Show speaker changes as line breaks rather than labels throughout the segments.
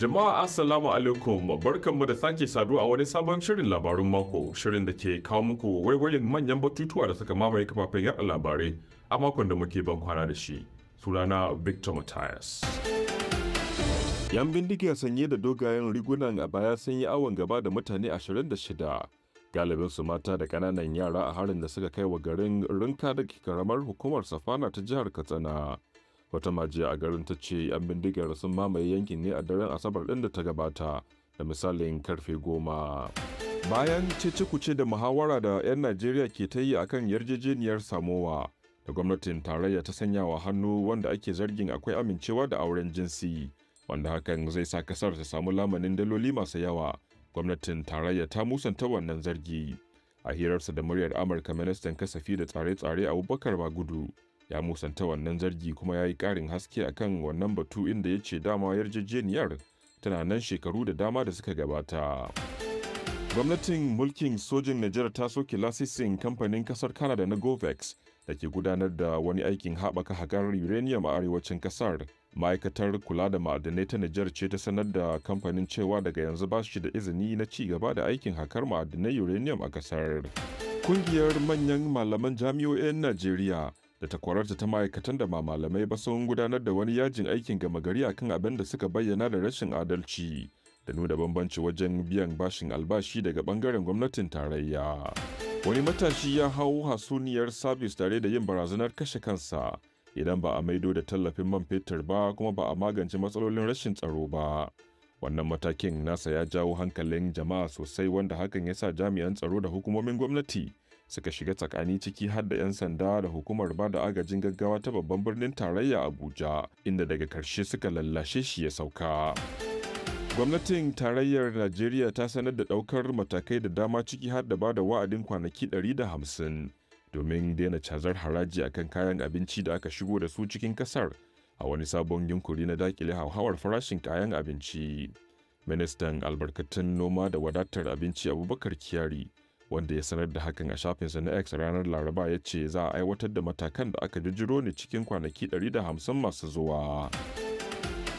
Jama'a Assalamu alaikum barkanmu da sake saduwa a wani sabon shirin labarun mako shirin da ke kawo muku waiwayin manyan batutuwa da suka mamaye kafafen yaɗa labarai a makon da muke ban kwana da shi sunana Victor Matthias. Yan bindiga sanye da dogayen rigunan a baya sun yi awon gaba da mutane 26 galibin su mata da ƙananan yara a harin da suka kai wa garin Rinka da karamar hukumar Safana ta jihar Katsina. wata majiya a garin ta ce yan bindigar sun mamaye yankin ne a daren asabar ɗin da ta gabata da misalin karfe goma bayan cece-kuce da muhawara da 'yan najeriya ke ta yi akan yarjejeniyar samowa da gwamnatin tarayya ta sanyawa hannu wanda ake zargin akwai amincewa da auren jinsi wanda hakan zai sa kasar ta samu lamanin daloli masu yawa gwamnatin tarayya ta musanta wannan zargi a hirarsa da muryar amurka ministan kasafi da tsare-tsare abubakar bagudu ya musanta wannan zargi kuma ya yi ƙarin haske a akan wannan batu inda ya ce dama yarjejeniyar tana nan shekaru da dama da suka gabata. Gwamnatin mulkin sojin Nijar ta soke lasisin kamfanin kasar Canada na Govex da ke gudanar da wani aikin haɓaka hakar uranium a arewacin kasar. Ma'aikatar kula da ma'adanai ta Nijar ce ta sanar da kamfanin cewa daga yanzu ba shi da izini na ci gaba da aikin hakar ma'adanai uranium a kasar. Kungiyar manyan malaman jami'o'in Najeriya da takwararta ta ma'aikatan da ma malamai ba sun gudanar da wani yajin aikin gama gari akan abin da suka bayyana da rashin adalci da nuna bambanci wajen biyan bashin albashi daga bangaren gwamnatin tarayya. Wani matashi ya hau hasuniyar sabis tare da yin barazanar kashe kansa idan ba a maido da tallafin man fetur ba kuma ba a magance matsalolin rashin tsaro ba. Wannan matakin nasa ya jawo hankalin jama'a sosai wanda hakan ya sa jami'an tsaro da hukumomin gwamnati suka shiga tsakani ciki har da 'yan sanda da hukumar ba da agajin gaggawa ta babban birnin tarayya Abuja inda daga karshe suka lallashe shi ya sauka. Gwamnatin tarayyar Najeriya ta sanar da ɗaukar matakai da dama ciki har da ba da wa'adin kwanaki 150 domin daina cazar haraji akan kayan abinci da aka shigo da su cikin kasar a wani sabon yunkuri na dakile hauhawar farashin kayan abinci. Ministan albarkatun noma da wadatar abinci Abubakar Kiyari. wanda ya sanar da hakan a shafinsa na X ranar Laraba ya ce za a aiwatar da matakan da aka jijiro ne cikin kwanaki 150 masu zuwa.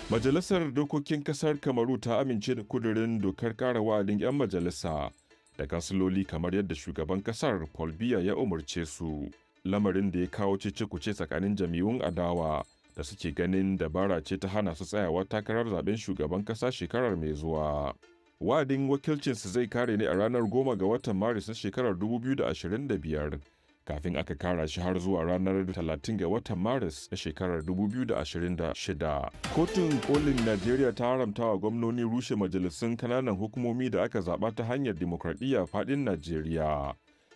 Majalisar Dokokin Kasar Kamaru ta amince da kudurin dokar kara wa'adin 'yan majalisa da kansiloli kamar yadda shugaban kasar Paul Biya ya umarce su. Lamarin da ya kawo cece-kuce tsakanin jami'un adawa da suke ganin dabara ce ta hana su tsayawa takarar zaben shugaban kasa shekarar mai zuwa. wa'adin wakilcinsa zai kare ne a ranar goma ga watan maris na shekarar 2025 kafin aka kara shi har zuwa ranar 30 ga watan maris na shekarar 2026 kotun kolin najeriya ta haramta wa gwamnoni rushe majalisun kananan hukumomi da aka zaba ta hanyar dimokuraɗiyya fadin najeriya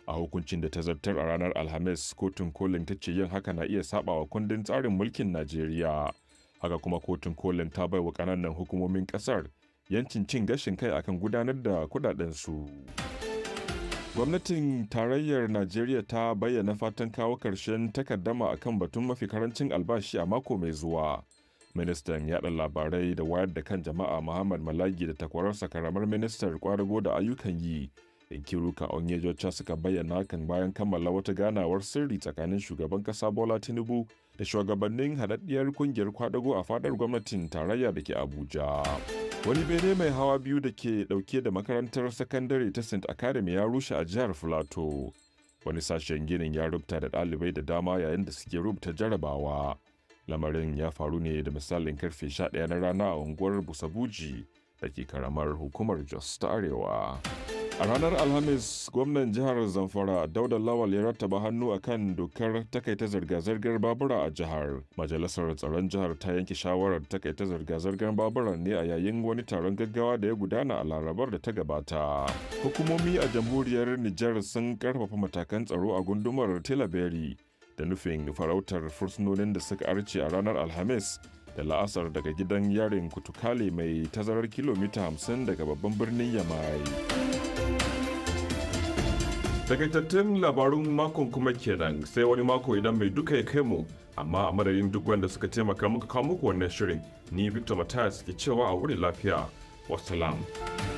a hukuncin da ta zartar a ranar alhamis kotun kolin ta ce yin haka na iya saɓawa kundin tsarin mulkin najeriya haka kuma kotun kolin ta baiwa wa kananan hukumomin ƙasar. yancin cin gashin kai akan gudanar da kudadensu. Gwamnatin tarayyar Najeriya ta bayyana fatan kawo karshen takaddama akan batun mafi karancin albashi a mako mai zuwa. Ministan yaɗa labarai da wayar da kan jama'a Muhammad Malagi da takwararsa karamar ministar kwadago da ayyukan yi Inkiruka Onyejocha suka bayyana kan bayan kammala wata ganawar sirri tsakanin shugaban kasa Bola Tinubu da shugabannin haɗaɗɗiyar kungiyar kwadago a fadar gwamnatin tarayya da ke Abuja. Wani bene mai hawa biyu da ke ɗauke da makarantar sakandare ta St. Academy ya rushe a jihar Filato. Wani sashen ginin ya rubuta da ɗalibai da dama yayin da suke rubuta jarabawa. Lamarin ya faru ne da misalin karfe 11 na rana a unguwar Busabuji da ke karamar hukumar Jos ta Arewa. A ranar Alhamis, gwamnan jihar Zamfara Dauda Lawal ya rattaba hannu a kan dokar takaita zirga-zirgar babura a jihar. Majalisar tsaron jihar ta yanke shawarar takaita zirga-zirgar babura ne a yayin wani taron gaggawa da ya gudana a larabar da ta gabata. Hukumomi a jamhuriyar Nijar sun karfafa matakan tsaro a gundumar Tilaberi da nufin farautar fursunonin da suka arce a ranar Alhamis da la'asar daga gidan yarin kutukale mai tazarar kilomita 50 daga babban birnin yamai takaitattun labarun makon kuma kenan sai wani mako idan mai duka ya kai mu amma a madadin duk wanda suka taimaka muka kawo muku wannan shirin ni victor matthias ke cewa a wurin lafiya wasalam.